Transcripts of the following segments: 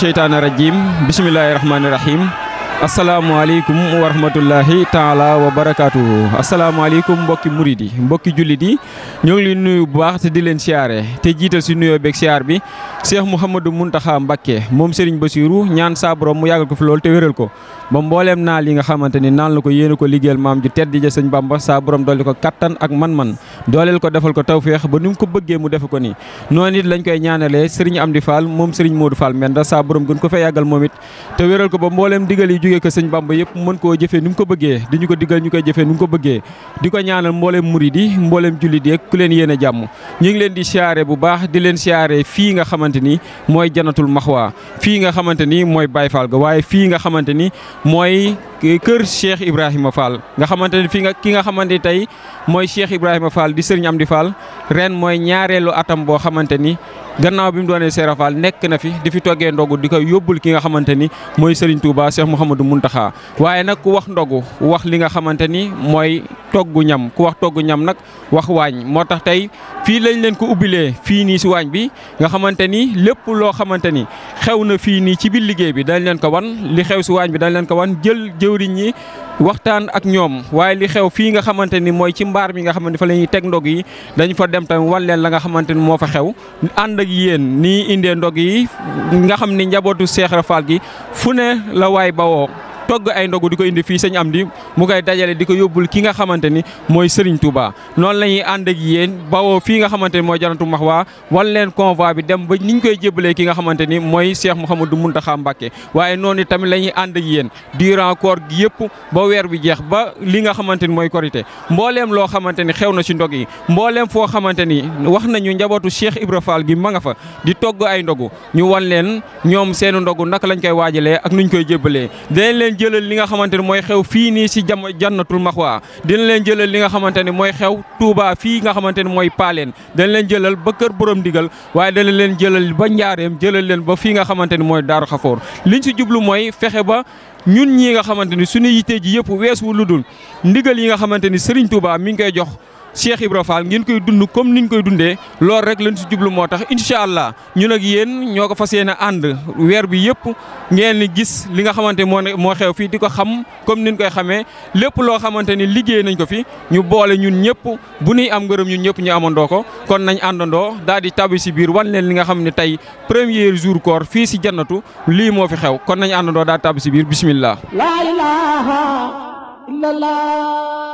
sheytaani rajiim bismillaahi rahmaani rahiim asalaamaaleykum wa rahmatullahi taala wa barakaatuhu asalaamaaleykum mbokki murid yi mbokki jullit yi ñoo leen nuyu bu baax te di leen siyaare te jiital si nuyoo beeg siyaar bi Cheikh Mouhamadou Mountakha Mbacké moom Serigne Bassirou ñaan saa borom mu yàggal ko fi loolu te wéral ko ba mbooleem naal yi nga xamante ni naan la ko yéen ko liggéeyal maam ju tedd ja sëñ Bamba saa borom dolli ko kattan ak man-man dooleel ko defal ko tawféex ba nu mu ko bëggee mu defe ko nii noon it lañ koy ñaanalee Serigne Amdi Fall moom Serigne Modou Fall Menda saa borom gën ko fa yàggal moom it te wéral ko ba mbooleem digee ko sëñ Bamba yëpp mën koo jëfee ni mu ko bëggee di ñu ko diggal ñu koy jëfee ni mu ko bëggee di ko ñaanal mbooleem murid yi mbooleem jullit yi ku leen yéene jàmm ñu ngi leen di siyaare bu baax di leen siyaare fii nga xamante ni mooy janatul waa fii nga xamante ni mooy Baye faal ga waaye fii nga xamante ni mooy kër Cheikh Ibrahima Fall nga xamante ne fi nga ki nga xamante ni tey mooy Cheikh Ibrahima Fall di Serigne di Fall ren mooy ñaareelu atam boo xamante ni gannaaw bi mu doonee Seera Fall nekk na fi di fi toggee ndogu di koy yóbbul ki nga xamante ni mooy Serigne Touba du mun Mountakha waaye nag ku wax ndogu wax li nga xamante ni mooy togg ñam ku wax togg ñam nag wax waañ moo tax tey fii lañ leen ko ubbilee fii nii si waañ bi nga xamante ni lépp loo xamante ni xew na fii nii ci biir liggéey bi dañu leen ko wan li xew si waañ bi dañ leen ko wan jël jëwriñ ñi waxtaan ak ñoom waaye li xew fii nga xamante ni mooy ci mbaar mi nga xamante fa la ñuy teg ndog yi dañu fa dem tamit wan leen la nga xamante ni moo fa xew ànd ak yéen nii indee ndog yi nga xam ni njabootu Seex Rafal gi fu ne la waay bawoo togg ay ndogu di ko indi fii sëñ Amdi mu koy dajale di ko yóbbul ki nga xamante ni mooy Serigne Touba noonu la ñuy ànd ak yéen bawoo fii nga xamante ni mooy Jannatul Mahwa wan leen convoi bi dem ba ni ñu koy jébalee ki nga xamante ni mooy Cheikh Mouhamadou Mountakha Mbacké waaye noonu tamit lañuy ànd ak yéen durant koor gi yëpp ba weer bi jeex ba li nga xamante ni mooy korité mbooleem loo xamante ni xew na ci ndog yi mbooleem foo xamante ni wax nañu njabootu Cheikh Ibra Fall gi ma nga fa di togg ay ndogu ñu wan leen ñoom seen ndogu naka lañ koy waajalee ak nuñ koy jébalee jëlal li nga xamante ni mooy xew fii nii si jam jannatul maxwa dina leen jëlal li nga xamante ni mooy xew Touba fii nga xamante ni mooy paaleen dana leen jëlal ba kër borom digal waaye dana leen jëlal ba njaareem jëlal leen ba fii nga xamante ni mooy daaru xafoor liñ si jublu mooy fexe ba ñun ñii nga xamante ni suñu yitte ji yëpp weesu lu dul ndigal yi nga xamante ni Serigne Touba mi ngi koy jox Cheikh Ibra Fall koy dund comme niñ koy dundee loolu rek lañ si jublu moo tax incha allah ñun ak yéen ñoo ko fas yéene ànd weer bi yëpp ngeen ni gis li nga xamante moo moo xew fii di ko xam comme niñ koy xamee lépp loo xamante ni liggéey nañ ko fi ñu boole ñun ñëpp bu nuy am ngërëm ñun ñëpp ñu amandoo ko kon nañ àndandoo daal di tabi si biir wan leen li nga xam ne tey premier jour koor fii si jannatu lii moo fi xew kon nañ àndandoo daa di tabi si biir bismillah. la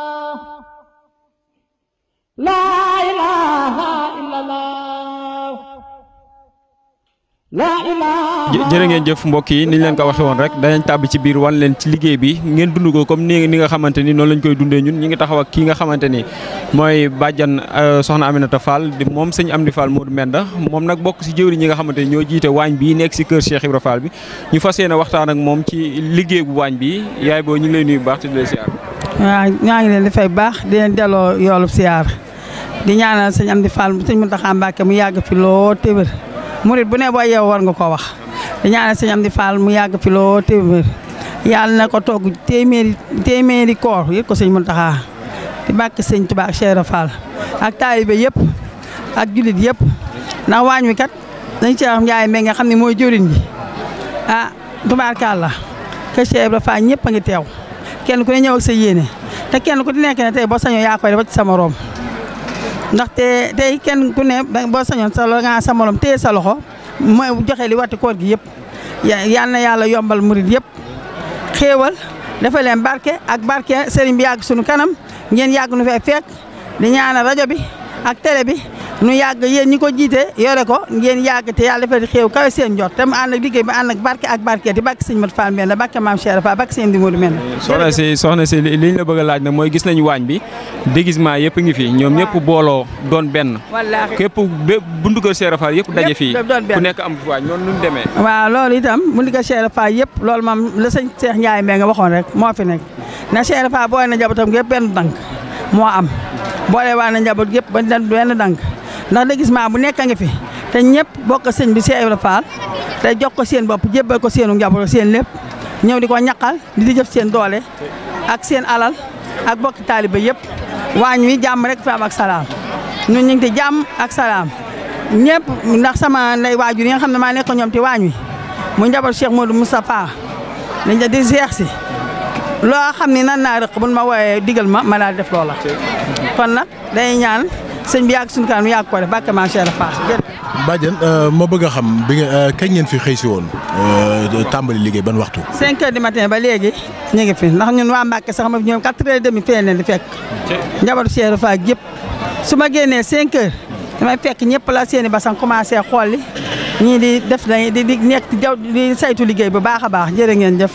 laa ilaaha illallaah jërë ngeen jëf mbokk yi ni ñu leen ko waxee woon rek danañ tàbb ci biir wan leen ci liggéey bi ngeen dund ko comme ni nga xamante ni noonu lañ koy dundee ñun ñi ngi taxaw ak kii nga xamante ni mooy bàjjan euh, soxna Aminata Fall di moom sëñ Amdi Fall Modou Menda moom nag bokk si jëwriñ ñi nga xamante ni ñoo jiite waañ bi nekk si kër Cheikh Ibra Fall bi ñu fas yéene waxtaan ak moom ci liggéey bu waañ bi yaay boo ñu ngi lay nuyu bu baax te di lay siyaar waaw ñaa di ñaanal sëñ Amdi Fall sëñ Muntaxa Mbàkke mu yàgg fi loo téwér murit bu ne boo yeew war nga koo wax di ñaanal sëñ Amdi Fall mu yàgg fi loo téwér na ko togg téeméeri téeméeri koor yëpp ko sëñ Muntaxa di bàkk sëñ Tuubaa ak Cheikh ak taalibe yëpp ak jullit yëpp ndax waañ wi kat dañ cee wax Njaay Mbay nga xam ni mooy jëriñ bi ah tubaarkàlla ke Cheikh Ibra Fall ñëpp a ngi teew kenn ku ne ñëw ak sa kenn ku di nekk ne tey boo sañoo yaa koy def ba ci sa morom ndaxte tey kenn ku ne boo sañoon sa loxo nga sa morom téye sa loxo mooy joxe li wati koor gi yëpp yal na yàlla yombal murit yëpp xéewal dafa leen barke ak barke sëriñ bi yàgg sunu kanam ngeen yàgg nu fee fekk di ñaanal rajo bi ak télé bi. nu yàgg yéen ñi ko jiite yore ko ngeen yàgg te yàlla defal xéew kawe seen jot te mu ànd ak liggéey bi ànd ak barke ak barke di bàkk sëñ Mat Fall mel na bàkk maam Cheikh Fall bàkk seen di na soxna si soxna si liñ la yëpp ngi fi ñoom ñëpp booloo doon benn képp buntu kër Cheikh Fall yëpp daje fii ku nekk am waañ noonu nu mu demee waaw loolu itam buntu kër Cheikh Fall yëpp loolu moom nga waxoon rek moo fi nekk na Cheikh Fall booy na njabootam yëpp benn dank moo am boolee waa na njaboot yëpp benn dank ndax légissement bu nekk a ngi fi te ñëpp bokk sëñ bi Cheikh Ibra Fall te jox ko seen bopp jébbal ko seenu njaboot seen lépp ñëw di ko ñaqal di di jëf seen doole ak seen alal ak bokki taaliba yépp waañ wi jàmm rek fi am ak salaam ñun ñu ngi ci jàmm ak salaam ñëpp ndax sama nday waajur yi nga xam ne maa nekk ñoom ci waañ wi mu njaboot Cheikh Modou Moustapha dañ la di seex si loo xam ne nan naar rëq bu ma wooyee digal ma ma daal def loola kon nag day ñaan sëñ bi yàgg suñu kanam yàgg ko def bàkke maam Cheikh Fall bàjjen euh, ma bëgg xam bi nga euh, fi xëy si woon euh, tàmbali liggéey ban waxtu. 5 heures du matin ba léegi ñu ngi fi ndax ñun waa Mbacke sax ma ñoom 4 heures et demi fee leen fekk. njabootu Cheikh Fall yëpp su ma génnee 5 heures damay fekk ñëpp la ba san commencé xool ñii di def nañ di di nekk di saytu liggéey bu baax a baax jërë ngeen jëf.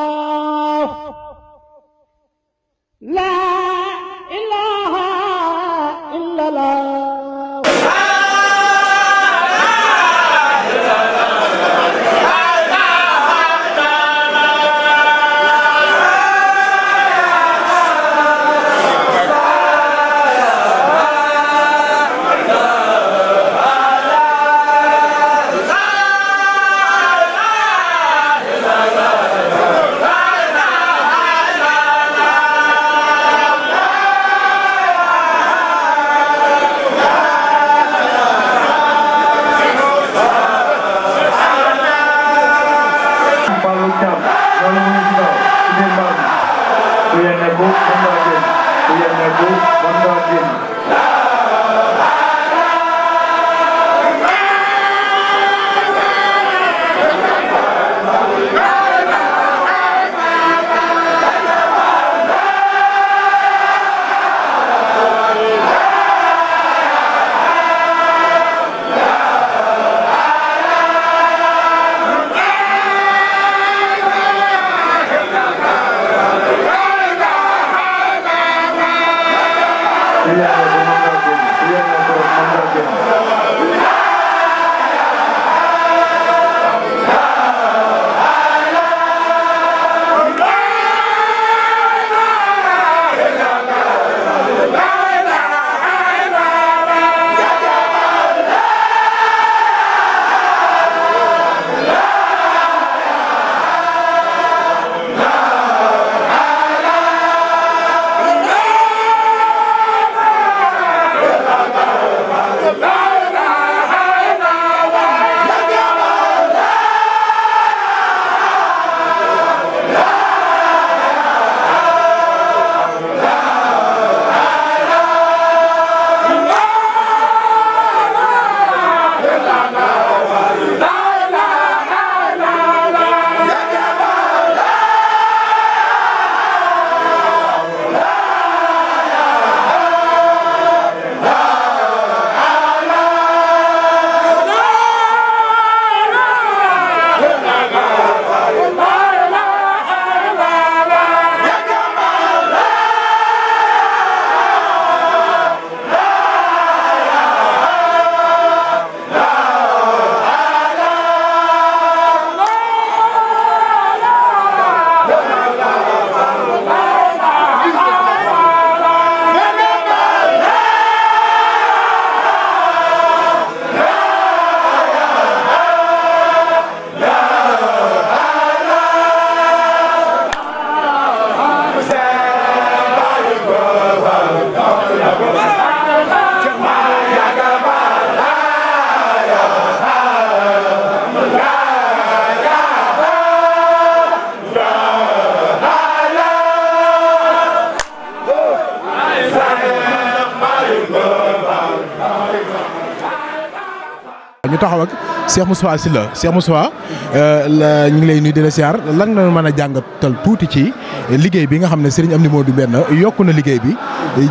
Cheikh Moustapha Sylla Cheikh Moustapha euh, la ñu ngi lay nuyu di la siyaar lan la mën a jàngatal tuuti ci liggéey bi nga xam ne Serigne Amdi Modou Mbenn yokku na liggéey bi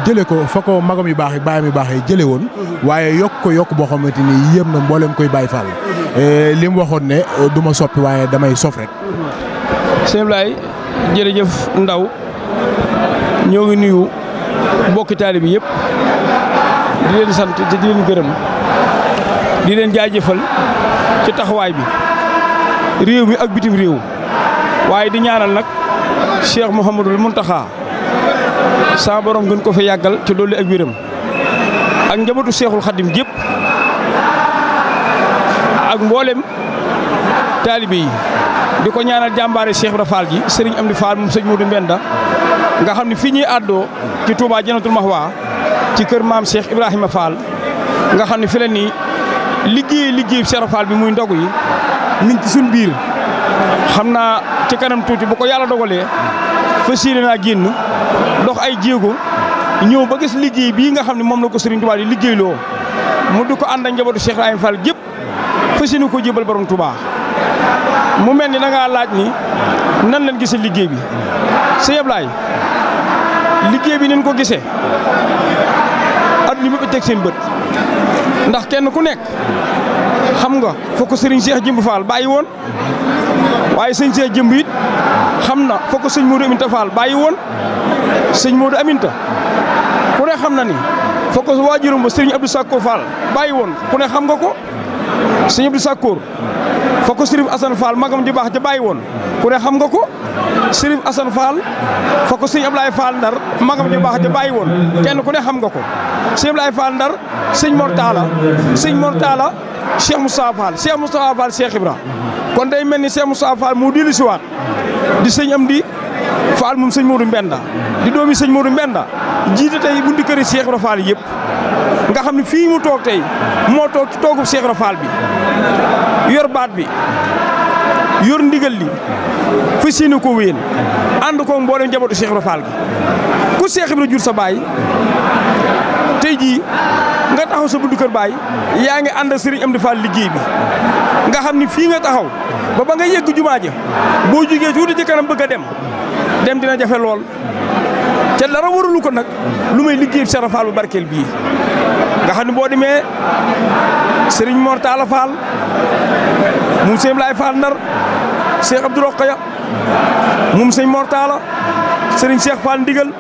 jëlee ko fa ko magam yu baax yi baayam yu baax yi jëlee woon waaye yokk ko yokk boo xamante ni yéem na mboolem koy bàyyi Fall euh, li mu waxoon ne euh, du ma soppi waaye damay sof rek. sëñ Ablaye jërëjëf Ndaw ñoo ngi nuyu mbokki taalibe yëpp di leen sant te di leen gërëm di leen jaajëfal. ci taxawaay bi réew mi ak bitim réew waaye di ñaanal nag Cheikh Mouhamadul Mountakha saa borom gën ko fa yàggal ci dolli ak wéram ak njabootu Cheikhul Khadim gépp ak mboolem taalibe yi di ko ñaanal jàmbaare Cheikh Ibra Fall ji Serigne Amdi Fall moom sëñ Modou Mbenda nga xam ni fii ñuy àddoo ci Touba Jannatul Mahwa ci kër maam Cheikh Ibrahima Fall nga xam ne fi nii liggéey liggéey Cheikh Fall bi muy ndogu yi mi ngi ci biir xam naa ci kanam tuuti bu ko yàlla dogalee fas yéene naa génn dox ay jéego ñëw ba gis liggéey bi nga xam ne moom la ko Serigne Touba di liggéey mu di ko ànd a njabootu Cheikh Ibrahima Fall gépp fas yéene ko jébal borom Touba mu mel ni da laaj ni nan lañ gisee liggéey bi sëñ liggéey bi nañ ko gisee at ni mu teg seen bët. ndax kenn ku nekk xam nga fokk sëriñ Cheikh Jëmb Fall bàyyi woon waaye sëñ Cheikh Jëmb it xam na fokk sëñ Modou Aminta Fall bàyyi woon sëñ Modou Aminta ku ne xam na ni fokk waajuram ba sëriñ Abdou Sakkoor Fall bàyyi woon ku ne xam nga ko sëñ Abdou Sakkoor fa ko Sërif Assane Fall magam ju baax ja bàyyi woon ku ne xam nga ko Sërif Assane Fall fa ko sëñ Ablaye Fall Ndar magam ju baax ja bàyyi woon kenn ku ne xam nga ko sëñ Ablaye Fall Ndar sëñ Mor Talla sëñ Mor Talla Cheikh Moustapha Fall Cheikh Moustapha Fall Cheikh Ibra kon day mel ni Cheikh Moustapha Fall mu dellu si waat di sëñ am di Fall moom sëñ Modou Mbenda di doomi sëñ Modou Mbenda jiite tey buntu këri Cheikh Ibra Fall yëpp nga xam ne fii mu toog tey moo toog ci toogu Cheikh Rafaal bi yor baat bi yor ndigal li fa séenu ko wéyal ànd ko mboolem njabootu Cheikh Rafaal gi ku Cheikh Ibra jur sa baay tey jii nga taxaw sa buntu baay yaa ngi ànd Serigne Amdi Fall liggéey bi nga xam ni fii nga taxaw ba ba nga yegg jumaa ja boo jugee tuuti ci kanam bëgg a dem dem dina jafe lool te dara waralu ko nag lu may liggéey Sëriñ Fall bu barkeel bii nga xam ne boo demee Sëriñ Mor Talla Fall moom sëñ Laay Ndar Cheikh Abdou Rokhaya moom sëñ Mor Talla sëriñ Cheikh Ndigal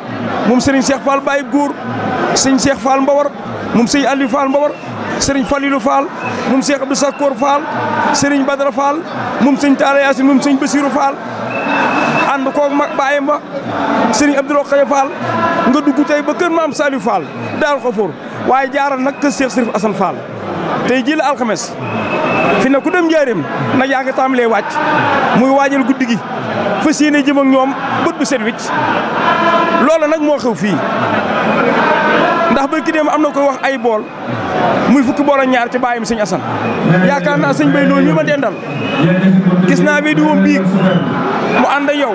moom sëriñ Cheikh Fall Baye Góor sëñ Cheikh Fall Mbawar moom sëñ Aliou Fall Mbawar sëriñ Falilou Fall moom Cheikh Abdou Sakkoor Fall sëriñ Badara Fall moom sëñ Talla Yaasin moom sëñ Basiru Fall ànd koog mag sëriñ Abdou Rokhaya Fall nga dugg tey ba kër maam Saliou Fall Daaru Xafoor waaye jaaral nag kër Cheikh Sërif Assane Fall tey jii la alxames fi ne ku dem njaareem nag yaa ngi tàmbalee wàcc muy waajal guddi gi fas yéene jëm ñoom bët bu set wicc loolu nag moo xew fii ndax bër ki am na koy wax ay bool muy fukki bool ñaar ci bàyyam sëñ asan yaakaar naa sëñ bay loolu ñu ma dendal gis naa vidéo bii mu ànd ak yow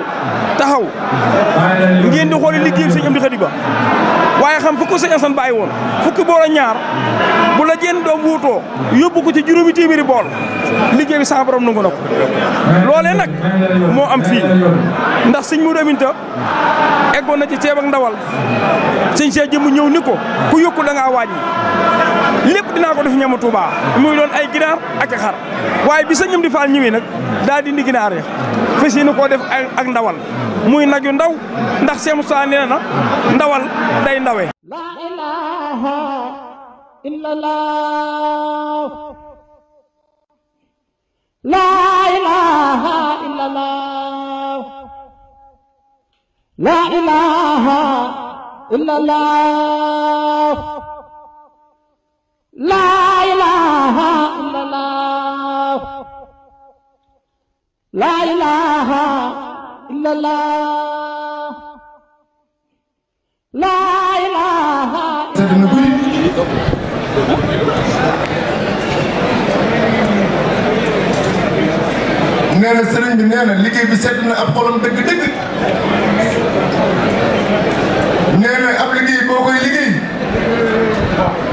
taxaw ngeen di xooli liggéey sëñ di Xadi Ba waaye xam fukk sëñ Asan bàyyi woon fukki bool a ñaar bu la jenn doom wuutoo yóbbu ko ci juróomi téeméeri bool liggéey bi sa borom nangu na ko loolee nag moo am fii ndax sëñ mu daminta eggoon na ci ceeb ak ndawal sëñ see jëmm ñëw ni ko ku yokku da ngaa wàññi lépp dinaa ko def ñamu Touba muy doon ay ginaar ak xar waaye bi sa di faal ñëwee nag daal ginaar ya fas yéene def ak ndawal muy nag ndaw ndax Cheikh Moussa nee na ndawal day ndawee la ilaha illallah laa ilaaha illallah laa ilaaha illallah laa ilaaha nee na sëriñ bi nee na liggéey bi sedd na ab xolam dëgg-dëgg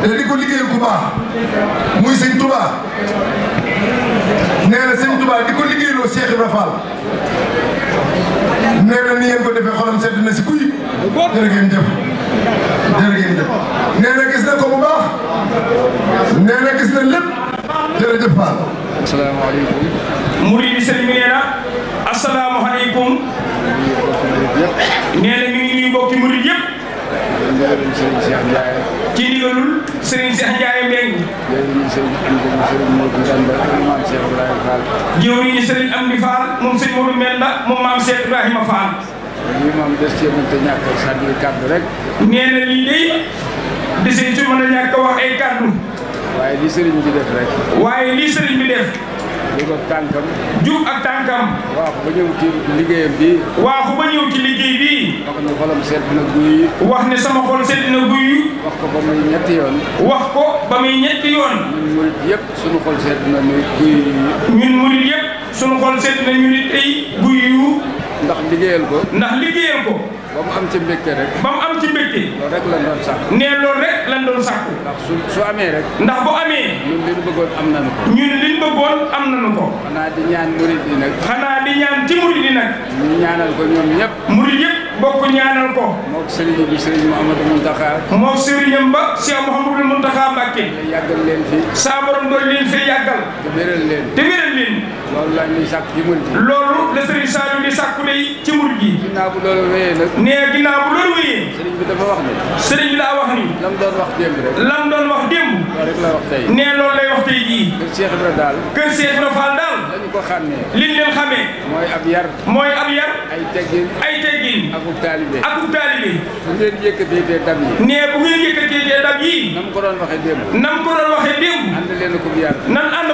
te di ko liggéeyal bu baax muy sëñ Touba nee na sëñ Touba di ko liggéeyloo Cheikh Ibra Fall nee na ni ngeen ko defee xolam sedd na si kuy jërë ngeen jëf jërë ngeen jëf nee na gis na ko bu baax nee na gis na lépp jërëjëf Fall. asalaamaaleykum. Mouride sëñ bi nee na asalaamaaleykum. nee na mi ngi nuyu mbokki Mouride yëpp. ci ndigalul Serigne Cheikh Ndiaye Mbengue. jiw yi Serigne Amdi Fall moom Serigne Modou Mbenda moom maam Cheikh Ibrahima Fall. lii moom des ci mën ta ñàkk sànni kàddu rek. nee na lii de des ci mën a ñàkk wax ay kàddu. waaye li Serigne bi def rek. waaye li Serigne bi def. jug ak tànkam. jug ak tànkam. waaw ba ñëw ci liggéeyam bi. waaw ba ñëw ci liggéey bi. wax ne xolam sedd na guy. wax ne sama xol sedd na guy. wax ko ba muy ñetti yoon. wax ko ba muy ñetti yoon. ñun murit yëpp sunu xol sedd na muy guy. ñun murit yëpp sunu xol sedd na ñu nit ay guy yu. ndax liggéeyal ko. ndax liggéeyal ko. ba mu am ci rek. ba mu am ci mbégte. loolu rek lan doon sàkku. nee loolu lan doon sàkku. ndax su su amee rek. ndax bu amee. ñun liñ bëggoon am nañu ko. ñun liñ bëggoon am nañu ko. xanaa di ñaan murid yi nag. xanaa di ñaan ci murid yi nag. ñu ñaanal ko ñoom ñëpp. murid yëpp bokk ñaanal ko. moog Serigne bi Serigne Mouhamadou Mountakha. moog Serigne ba Cheikh a Mountakha Mbacké. yàggal leen fi. saa borom leen fi yàggal. te wéral leen. loolu la ñuy sàkk ci murid yi. loolu la Serigne Saliou di sàkku day ci murid yi. ginnaaw bu loolu wéyee nag. nee ginnaaw bu loolu wéyee. Serigne bi dafa wax ni. Serigne bi daa wax ni. lam doon wax démb rek. lam doon wax démb. loolu rek la wax tey. nee loolu lay wax tey jii. kër Cheikh Ibrahima daal. kër Cheikh Ibrahima Fall daal. lañu ko xàmmee. liñ leen xàmmee. mooy ab yar. mooy ab yar. ay teggin. ay teggin. akub taalibe. akub taalibe. bu ngeen yëkkatee tee dab yi. nee bu ngeen yëkkatee tee dab yi. na mu ko doon waxee démb. na mu ko doon waxee démb. ànd leen akub yar. nan ànd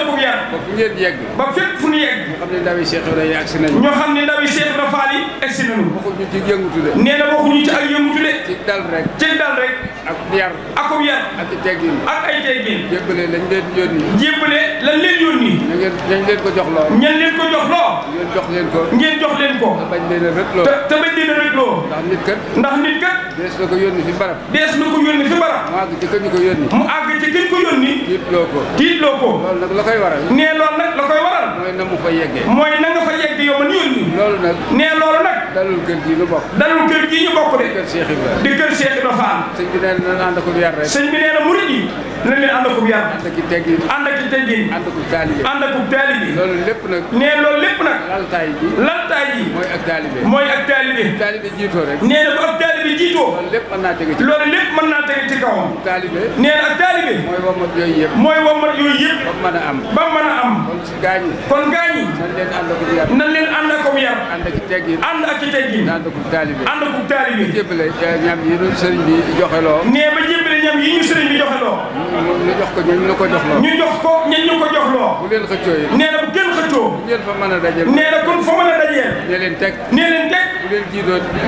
ba fu ñu yegg. ba fépp fu ñu yegg. ñoo xam ne ndawi Cheikh Ibrahima agsi nañu. ñoo xam ne ndawi Cheikh Ibrahima Fall yi agsi nañu. waxuñu ci yëngutu de. nee na waxuñu ci ak yëngutu de. ci dal rek. ci dal rek. ak yar. akum yar. ak teggin. ak ay teggin. jébbale lañ leen yónni. jébbale lañ leen yónni. na ngeen nañ leen ko jox loo. ñan leen ko jox loo. ngeen jox leen ko. ngeen jox leen ko. te bañ leen a rëtloo. te te bañ leen a rëtloo. ndax nit kat. ndax nit kat. dees na ko yónni fi barab. dees na ko yónni fi barab. mu àgg ci kañ ko yónni. mu àgg ci kañ ko yónni. tiitloo ko. tiitloo ko. loolu nag la koy waral. nee loolu nag la koy waral. mooy na mu fa yeggee. mooy na nga fa yeggee yow man yónni. loolu nag nee loolu nag. dalul kër gii ñu bokk. dalul kër gii ñu bokk de. di kër Cheikh Ibrahima di kër Cheikh Ibrahima Fall. sëñ bi nee na ànd akub yar rek. sëñ bi nee na murid yi dina leen ànd akub yar. ànd aki teggin. ànd aki teggin. ànd akub taalibe. ànd akub taalibe. loolu lépp nag. nee loolu lépp nag. laltaay ji. laltaay ji. mooy ak taalibe. mooy ak taalibe. taalibe jiitoo rek. nee na bu ak taalibe jiitoo loolu lépp mën naa tege ci loolu lépp mën naa tege ci kawam taalibe nee na ak taalibe mooy womat yooyu yëpp mooy womat yooyu yëpp ba mën a am ba mën a am kon si gaañ yi kon gaañ yi nan leen ànd ak yar nan leen ànd ak yar ànd ak teggin ànd ak teggin ànd ak taalibe ànd ak taalibe jébbale eh, ñam yi ñu sëriñ bi joxeloo nee ba jébbale ñam yi ñu sëriñ bi joxeloo ñu jox ko ñu ko jox loo ñu jox ko ñen ñu ko jox loo bu leen xëccoo yi nee na bu gën xëccoo bu ngeen fa mën a dajeel nee na kon fa mën a dajeel nee leen teg nee leen teg bu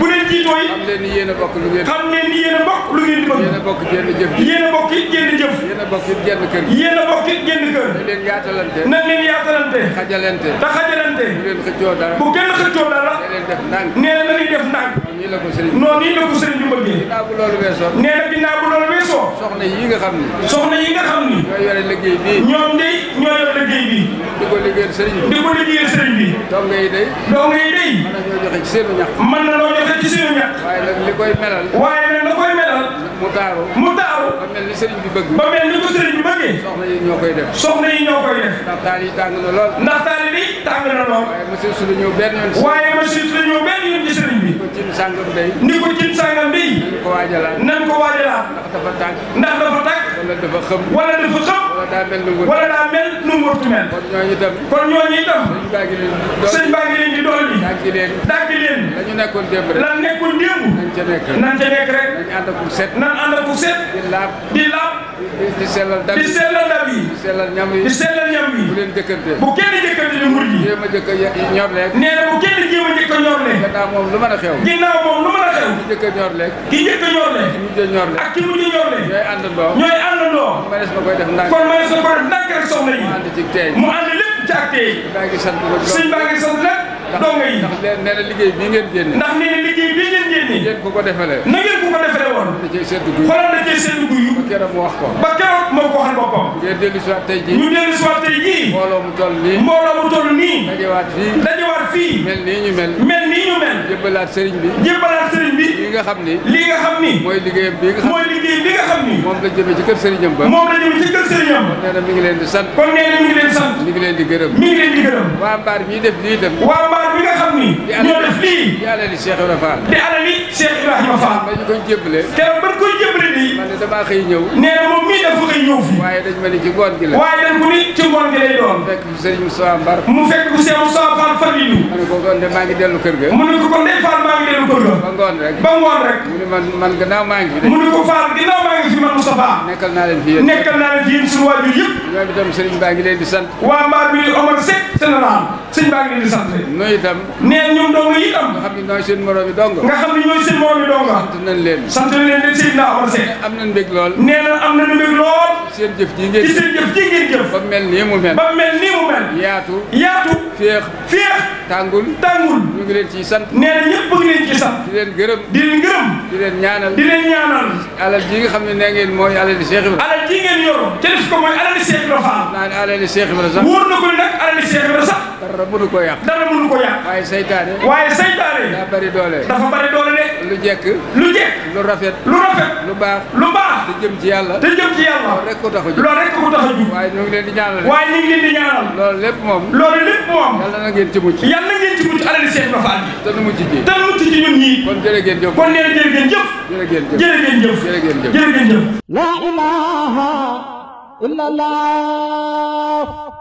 leen jiitoo bu yi xam leen ni a bokk lu ngeen a bokk lu a bokk jenn jëf yéen a bokk jenn jëf yéen a bokk jenn kër yéen a bokk jenn kër na leen yaatalante na leen yaatalante xajalante te xajalante bu leen xëccoo dara bu kenn xëccoo dara nee leen def ndànk nee na def ndànk nii la ko sëriñ noonu nii la ko bu loolu weesoo nee na ginnaaw bu loolu weesoo soxna yi nga xam ni soxna yi nga xam ni ñooy yore liggéey bi liggéeyal sëriñ bi. di ko liggéeyal sëriñ bi. donga yi day. donga yi day. mën nañoo joxe ci joxe ci ba mel sëriñ bi bëgg. ba mel ni ko sëriñ bi bëggee. soxna yi ñoo koy def. soxna yi ñoo koy def. ndax yi tàng na lool. ndax taal yi tàng na lool. waaye monsieur su la benn yoon. waaye monsieur su la ñëw benn yoon ci sëriñ ko cin sàngam day. ni ko cin sàngam day. nañ ko waajalaat. nañ ko waajalaat. ndax dafa tàng. ndax dafa tàng. wala dafa xam. wala dafa xam. wala daa mel nu mu. wala daa kon ñooñu itam. kon ñooñu itam. sëñ baa di dool bi. dàgg leen. dàgg leen. la ñu nekkoon démb rek. la nekkoon démb. nañ ca set. nañ ànd ak di laab di laab. di sellal dab yi di sellal ñam yi di sellal ñam yi. bu leen jëkkante. bu kenn jëkkante ni mur yi. jéem a jëkk a ñor leen. nee na bu kenn jéem a jëkk a ñor leen. ginnaaw moom lu mën a xew. yooyu. ki njëkk a ñorle. ki njëkk a ñorle. ki mujj a ak ki mujj a ñorle. ñooy àndandoo. ñooy àndandoo. kon mënees na koy def ndax kon mënees na koy def ndànk rek soxna yi. mu ànd ci tey. mu ànd lépp ci ak tey. baa ngi sant ba sëñ baa ngi sant nag. dong yi ndax nee na liggéey bii ngeen génne. ndax nee na liggéey bii ngeen génne. ko ko defalee. woon. da cee seddu guy xoolal da cee seddu guy. ba keroog mu wax ko. ba keroog moo ko waxal boppam. ngeen dellusiwaat tey jii. ñu dellusiwaat tey jii. mbooloo mu toll nii. mbooloo mu toll nii. dajewaat fii. dajewaat fii. mel nii ñu mel. mel nii ñu mel. jébbalaat sëriñ bi. jébbalaat sëriñ bi. li nga xam ni. li nga xam ni. mooy liggéeyam bi nga xam. mooy liggéey bi nga xam ni. moom la jëmee ci kër sëriñam ba. moom la jëmee ci kër sëriñam ba. kon nee na mi ngi leen di sant. kon nee na mi ngi leen di sant. mi ngi leen di gërëm. mi ngi leen di gërëm. waa mbaar mi def lii itam. waa mbaar mi nga xam ni. ñoo def lii. di alali Cheikh Ibrahima Fall. di alali Cheikh Ibrahima Fall. dañu koy jébbale jébale. keroog ba koy jébale nii. man de damaa xëy ñëw. nee na moom mii dafa xëy waaye dañ ma gi la. waaye nag mu ni ci ngoon gi maa ngi dellu kër ga. mu ne ko kon de ga. maa ngi fi de. mu ne ko fi man nekkal naa leen fi yéen nekkal naa leen fi yéen suñu waajur baa ngi leen di sant. waa Mbar bi Omar Seck général sëñ baa ngi leen di sant nooy itam neen ñoom dong itam nga xam ne nooy seen morom yi dong nga xam ne ñooy seen morom yi dong sant nañ leen sant nañ leen sëñ naa Omar Seck am nañ mbég lool nee na am nañ lool seen jëf jëf ji ngeen. ci seen jëf ba mel nii mu men ba mel nii mu mel. yaatu. yaatu. féex. féex. tàngul. tàngul. ñu ngi leen ciy sant. nee na ñëpp ngi leen ciy sant. di leen gërëm. di leen gërëm. di leen ñaanal. alal ji nga xam ne nee ngeen mooy alal di Cheikh Ibrahima. alal ji ngeen yoro. na ko nag alal di Cheikh Ibrahima dara mënu ko yàq. ko yàq. waaye seytaane. waaye seytaane. daa bari doole. dafa bari doole lu jekk. lu jekk. lu rafet. lu rafet. lu baax. lu baax. te jëm ci yàlla. te jëm ci yàlla. loolu rek ko tax a jug. loolu rek ko tax a jug. waaye ñu ngi leen di ñaanal. waaye ñu ngi leen di lépp moom. loolu lépp moom. yàlla na ngeen ci mucc. yàlla na ngeen ci mucc alal seet ba faat bi. te nu mucc ci. te nu mucc ci ñun ñii. kon jërë ngeen jëf. kon nee jëf. jërë ngeen jëf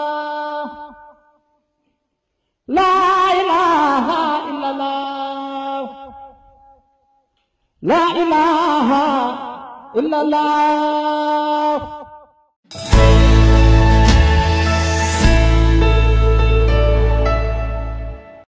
la ilaha illallah